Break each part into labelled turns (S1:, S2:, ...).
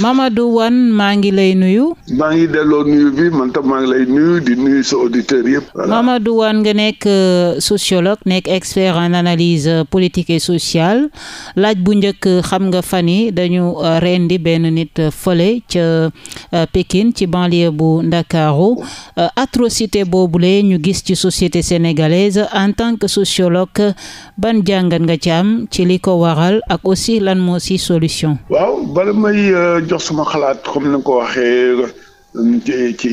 S1: Mamadou Wane maa ngi lay nuyu.
S2: maa ngi delloo nuyu bi man maa ngi lay nuyu di nuyu sa auditeurs yëpp. voilà
S1: Mamadou Wane nga nekk euh, sociologue nekk expert en analyse euh, politique et sociale laaj bu njëkk xam nga fan yi dañu euh, rendi benn nit fële ca Pékin ci banlieue bu Ndakaaru atrocité boobule ñu gis ci société sénégalaise en tant que sociologue ban jàngat nga ci am ci li ko waral ak aussi lan moo si solution.
S2: jox sama xalaat comme ni nga ko waxee euh, ci ci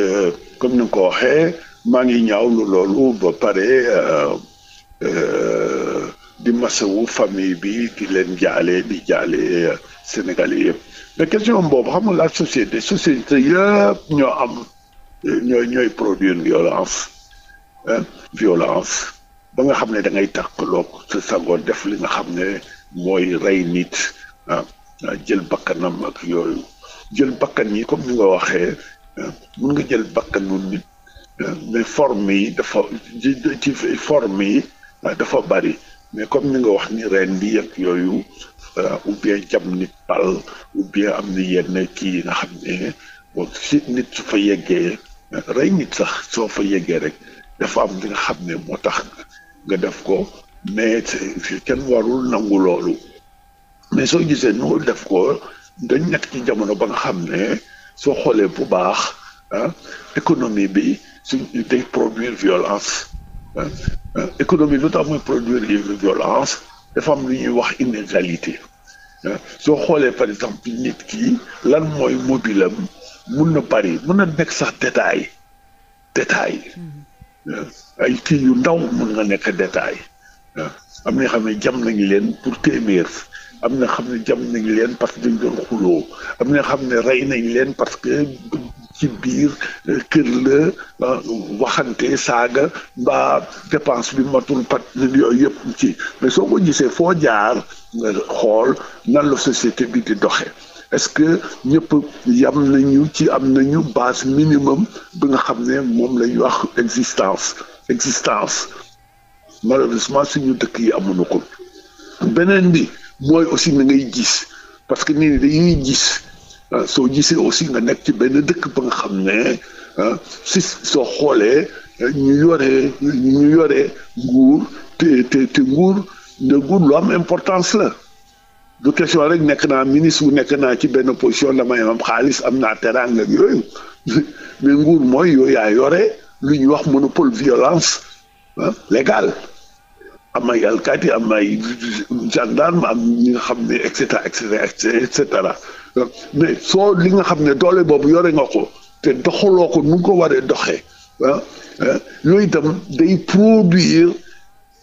S2: euh, comme ni ko waxee maa ngi ñaawlu loolu ba pare euh, di masawu famille bi di leen jaale di jaale Sénégalais yëpp mais question boobu xam nga la société société yëpp ñoo am ñooy ñooy produire violence violence ba nga xam ne da ngay tàqaloog sa sago def li nga xam ne mooy rey nit Ah, jël bakkanam ak yooyu jël bakkan yi comme ni nga waxee ah, mun nga jël bakkanu nit ah, mais forme yi dafa dafa bari mais comme ni nga wax ni ren bi ak yooyu ou bien jam nit am na yenn kii nga xam ne si nit su fa yeggee rey nit sax soo fa yeggee rek dafa am li nga xam ne moo tax nga def ko mais kenn warul nangu loolu mais soo gisee ñu def ko nga nekk ci jamono ba nga xam ne soo xoolee bu baax ah économie bi suñ day produire violence ah, ah, économie lu tax muy produire violence dafa am lu ñuy wax inégalité ah. soo xoolee par exemple nit ki lan mooy mobile am mun na bari mun na nekk sax détail détail mm-hmm. ay kii yu ndaw mun nga nekk détail am na xam ne jam nañu leen pour téeméer am na xam ne jam nañ leen parce que dañ doon xuloo am na xam ne rey nañ leen parce que ci biir euh, kër la euh, waxante saaga mbaa dépense bi matul pat yooyu yëpp ci mais soo ko gisee foo jaar nga xool nan la société bi di doxe est-ce que ñëpp yam nañu ci am nañu base minimum bi nga xam ne moom la ñu wax existence existence malheureusement suñu dëkk yi amuñu ko beneen bi mooy aussi na ngay gis parce que nii ñi dañuy gis ah, soo gisee aussi nga nekk ci benn dëkk ba nga xam ne ah, si soo xoolee eh, ñu yore ñu yore nguur te te nguur de nguur lu am importance la du question rek nekk naa ministre bu nekk naa ci benn position damay am xaalis am naa teraanga yooyu mais nguur mooy yooyu yaa yore lu ñuy wax monopole violence ah, légal am ay alkaati am ay gendarme am ñi nga xam ne et cetera et cetera et mais soo li nga xam ne doole boobu yore nga ko te doxaloo ko nu nga ko waree doxee ah, ah yooyu itam day produire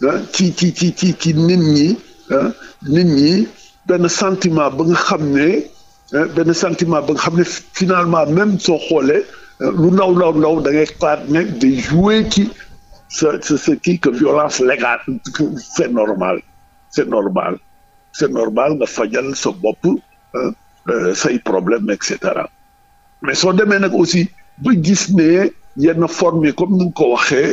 S2: ah, ci ci ci ci ci nit ñi ah, nit ñi benn sentiment ba nga xam ne benn sentiment ba nga xam ne finalement même soo xoolee lu ndaw ndaw ndaw da ngay xalaat day jouer ci. c'est ce qui que violence légale c'est normal c'est normal c'est normal nga fajal sa bopp euh, say problème et cetera mais soo demee nag aussi ba gis ne yenn forme yi comme ni nga ko waxee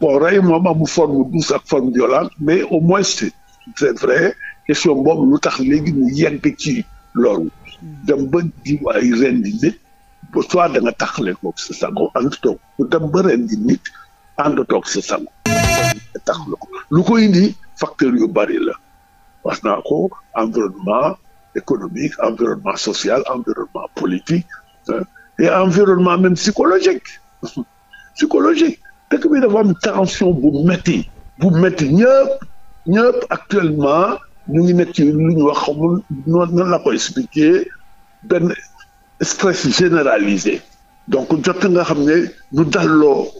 S2: bon rey moom amu forme douce ak forme violente mais au moins c'est vrai question boobu lu tax léegi mu ci loolu dem ba jiw ay rendi nit soit da nga taxale ko sa sago ànd toog dem ba rendi nit ànd toog sa sang tax lu ko lu ko yu bari la wax naa ko environnement économique environnement social environnement politique et environnement même psychologique psychologique dëkk bi dafa am tension bu metti bu metti ñëpp actuellement ñu ngi nekk ci lu ñu wax xamul nan la ko expliquer benn stress généralisé donc jot nga xam ne ñu dalloo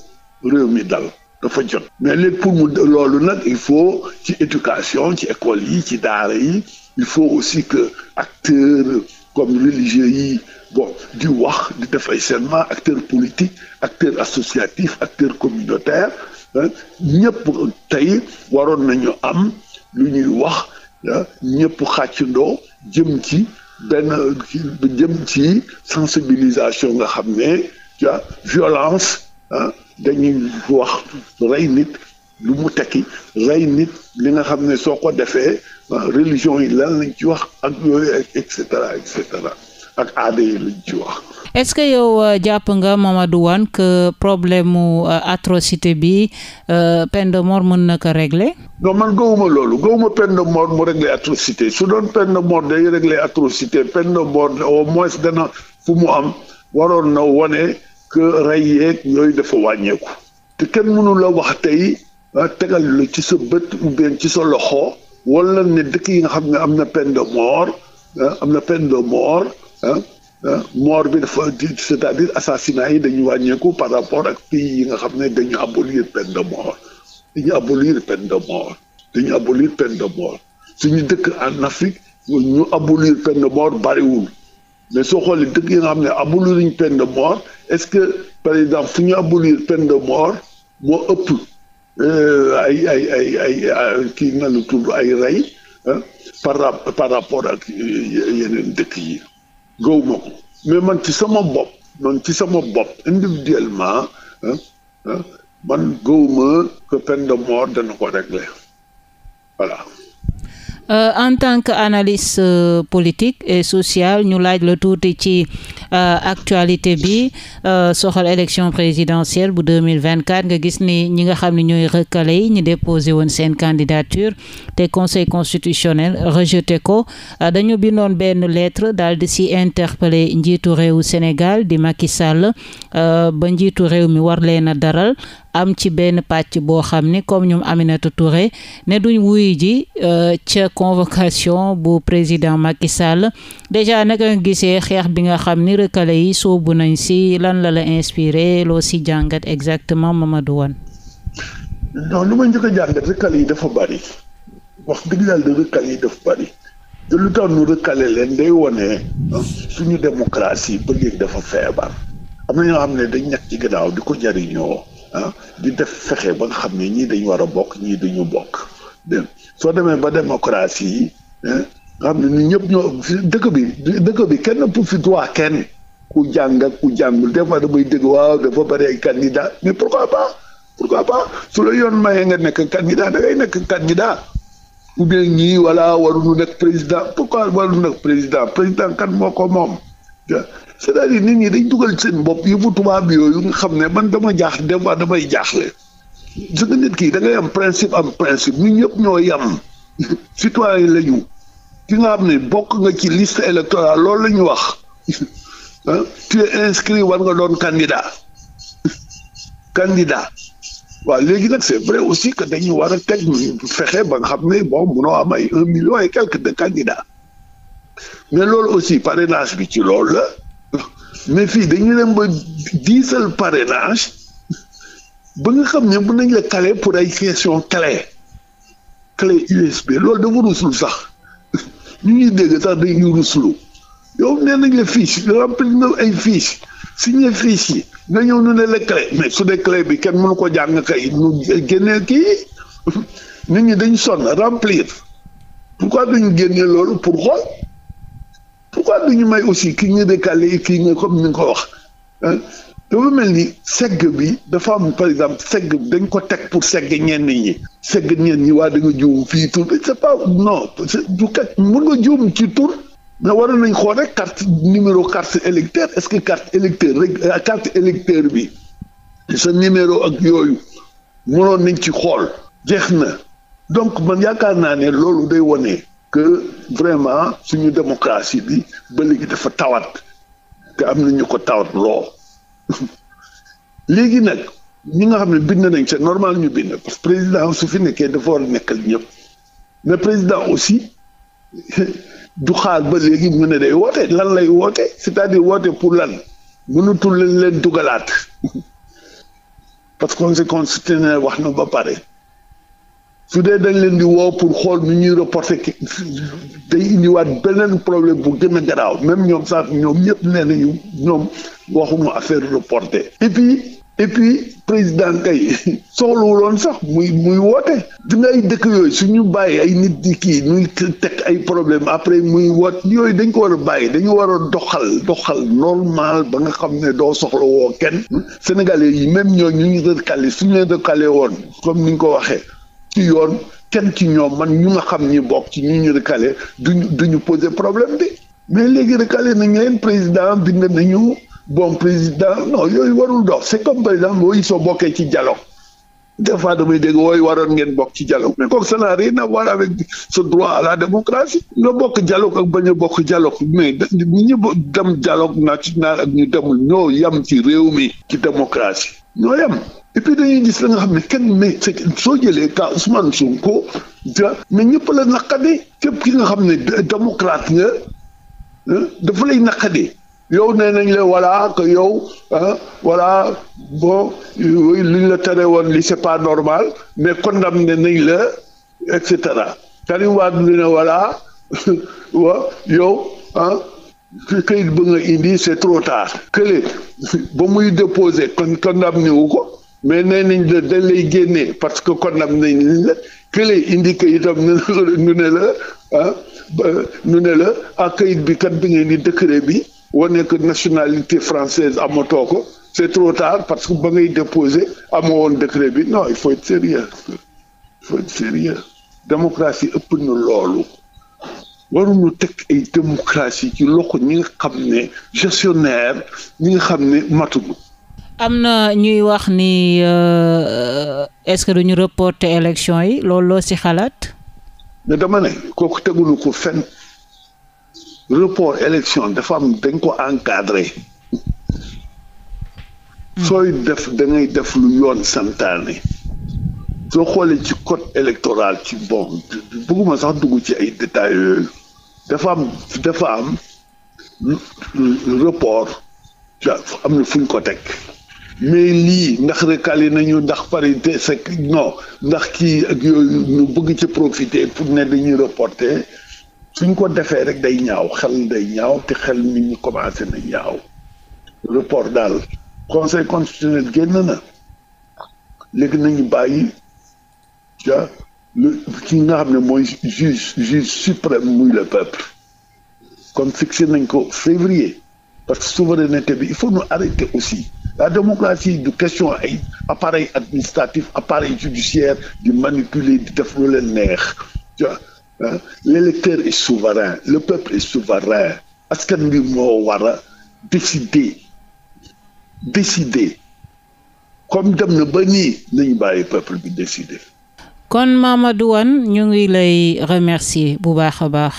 S2: réew mi dal dafa jot mais léegi pour mu loolu nag il faut ci éducation ci école yi ci daara yi il faut aussi que acteurs comme religieux yi bon di wax di def ay serment acteurs politique acteur associatif acteur communautaire ñëpp tey waroon nañu am lu ñuy wax ñëpp xàccandoo jëm ci benn jëm ci sensibilisation nga xam ne violence ah dañuy wax rey nit lu mu tekki rey nit li nga xam ne soo ko defee ah, religion yi lan lañ ci wax ak yooyu et cetera ak aada yi lañ ci wax.
S1: est-ce que yow euh, jàpp nga Mamadou Wane que problème mu euh, atrocité bi euh, peine de mort mën na ko régler. non man gëwuma
S2: loolu gëwuma peine de mort mu régler atrocité su doon peine de mort day régler atrocité peine de mort au moins dana fu mu am waroon na wone. que rey yeeg yooyu dafa wàññeeku te kenn mënu wax tey ah, tegal la ci sa bët ou bien ci sa loxo wala ne dëkk yi nga xam ne am na peine de mort ah, am na peine de mort ah, moor bi dafa c'est-à-dire assassinat yi dañu wàññeeku par rapport ak pays yi nga xam ne dañu abolir peine de mort dañu abolir peine de mort suñu dëkk en Afrique ñu abolir peine de mort bariwul mais soo xoolee dëkk yi nga xam ne aboliir nañ peine de mort est-ce que par exemple fu ñu abolir peine de mort moo ëpp euh, ay ay ay ay kii na lu ay rey par par rapport ak euh, yeneen dëkk yi gow ko mais man ci sama bopp man ci sama bopp individuellement man gowma que peine de mort dana ko régler voilà
S1: Euh, en tant que analyste euh, politique et social ñu laaj la tuuti ci Euh, actualité bi euh, soxal élection présidentielle bu 2024 nga gis ni ñi nga xam ne ñooy recalé yi ñu déposé woon seen candidature te conseil constitutionnel rejeté ko euh, dañu bindoon benn lettre daal di si interpellé njiitu réewu Sénégal di Macky Sall ba njiitu réew mi war leen a daral am ci benn pàcc boo xam ni comme ñoom Aminata Touré ne duñ wuy ji ca convocation bu président Macky Sall déjà naka nga gisee xeex bi nga xam ni lëkkale yi soobu nañ si lan la la inspiré loo si jàngat exactement Mamadou won
S2: non lu ma njëkk a jàngat rëkkale yi dafa bari wax dëgg daal de rëkkale yi dafa bari te lu tax nu rëkkale leen day wone ah, suñu démocratie ba léegi dafa feebar am na ñoo xam ne dañ ñàkk ci gannaaw di ko jariñoo ah di def fexe ba nga xam ne ñii dañu war a bokk ñii duñu bokk soo demee ba démocratie yi. Ah, xam ne ñun ñëpp ñoo dëkk bi dëkk bi kenn profité waa kenn ku jàng ak ku jàngul des fois damay dégg waaw dafa bëri ay candidat mais pourquoi pas pourquoi pas su la yoon mayee nga nekk candidat da ngay nekk candidat ou bien ñii voilà waruñu nekk président pourquoi waruñu nekk président président kan moo ko moom cest à nit ñi dañ dugal seen bopp yëfu tubaab yooyu nga xam ne man dama jaax des fois damay jaaxle su nga nit kii da ngay am principe am principe ñun ñëpp ñoo yem citoyen la ki nga xam ne bokk nga ci liste électorale loolu la ñu wax tu es inscrit war nga doon candidat candidat waaw léegi nag c'est vrai aussi que dañu war a teg fexe ba nga xam ne bon munoo am ay un million et quelques de candidats mais loolu aussi parrainage bi ci lool la mais fii dañu dem ba diisal parrainage ba nga xam ne mën nañ la caler pour ay question cle clé USB loolu dafa rusul sax ñu ñuy dégg sax dañuy ruslu yow nee na la fiche rempli na ay fiche signé fiche yi nga ñëw ñu ne la su dee bi kenn mënu ko jàng kay ñu génnee kii nit ñi dañ sonn remplir pourquoi duñu génne loolu pour xool pourquoi ñu may aussi ki ñu décalé kii nga comme ni nga ko wax dafa mel ni segg bi dafa am par exemple segg dañ ko teg pour segg ñenn ñi segg ñenn ñi waa da nga juum fii tur c'est pas non du kat mën nga juum ci tur mais waroon nañ xool rek carte numéro carte électeur est-ce que carte électeur rek euh, carte électeur bi sa numéro ak yooyu mënoon nañ ci xool jeex na donc man yaakaar naa ne loolu day wone que vraiment suñu démocratie bi ba léegi dafa tawat te am na ñu ko tawat lool léegi nag ñu nga xam ne bind nañ c'est normal ñu bind parce que président su fi nekkee dafa war a nekkal ñëpp mais président aussi du xaal ba léegi ñu ne day woote lan lay woote c'est-à-dire woote pour lan mënutul leen leen dugalaat parce que conseil constitutionnel wax na ba pare. su dee dañ leen di woo pour xool nu ñuy reporter day indiwaat beneen problème bu gën a garaaw même ñoom sax ñoom ñëpp nee nañu ñoom waxuñu affaire reporter et puis et puis président kay soxlawuloon sax muy muy woote dina ay dëkk yooyu suñu bàyyi ay nit di kii ñuy teg ay problème après muy woot yooyu dañ ko war a bàyyi dañu war a doxal doxal normal ba nga xam ne doo soxla woo kenn sénégalais yi même ñoo ñu ñu recalé suñu leen recalé woon comme ni nga ko waxee ci yoon kenn ci ñoom man ñu nga xam ñi bokk ci ñu ñu recalé du ñu poser problème bi mais léegi recalé nañ leen président bind ñu bon président non yooyu warul dox c'est comme par exemple wooyu soo bokkee ci dialogue des fois damay dégg wooyu waroon ngeen bokk ci dialogue mais kooku ça n'a rien à voir avec ce droit à la démocratie nga bokk dialogue ak bañ a bokk dialogue mais ñu ñu dem dialogue national ak ñu demul ñoo yam ci réew mi ci démocratie ñoo yem et dañuy gis la nga xam ne kenn mais soo jëlee ka Ousmane Sonko da mais ñëpp la naqadi képp ki nga xam ne démocrate nga dafa lay naqadi yow nee nañ la voilà que yow ah voilà bon liñ la tere woon li c'est pas normal mais condamné nañ la et cetera Karim Wade ne voilà wa yow ah këyit ba nga indi c'est trop tard kële ba muy déposé kon condamné wu ko mais nee nañ la dañ lay génnee parce que condamné nañ la kële indi këyitam nu ne la ah nu ne la ak ah, këyit bi kat bi ngeen di décret bi wane que nationalité française amatoo ko c'est trop tard parce que ba ngay déposé amoo woon décret bi non il faut être sérieux il faut être sérieux démocratie ëpp na loolu waruñu teg ay démocratie ci loxo ñi nga xam ne gestionnaire ñi nga xam ne matuñu.
S1: am na ñuy wax ni euh, est-ce que duñu reporter élection yi loolu loo ci xalaat.
S2: mais dama ne kooku teguñu ko fenn report élection dafa am dañ ko encadré. Hmm. sooy def da def lu yoon santaane. soo xoolee ci code électoral ci bon bëgguma sax dugg ci ay détails dafa am dafa am report am na fu ñu ko teg mais lii ndax recalé nañu ndax parité sec non ndax kii ak yooyu ñu bëgg ci profiter pour ne dañuy reporter suñ ko defee rek day ñaaw xel day ñaaw te xel ni ñu commencé na ñaaw report daal conseil constitutionnel génn na léegi nañu bàyyi ki nga xam ne mooy juge juge suprême muy le peuple comme fixé nañ ko février parce que souveraineté bi il faut nous arrêter aussi la démocratie du question ay appareil administratif appareil judiciaire di manipuler di def lu leen neex l'électeur est souverain le peuple est souverain askan bi moo war a décider comme dem na ba nii nañu bàyyi peuple bi décider
S1: kon Mamadou Wane ñu ngi lay remercier bu baax a baax.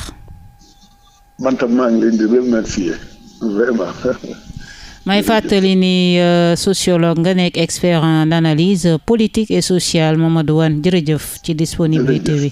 S1: may fàttali ni euh, sociologue nga nekk expert en analyse politique et sociale Mamadou Wane jërëjëf ci disponibilité
S2: bi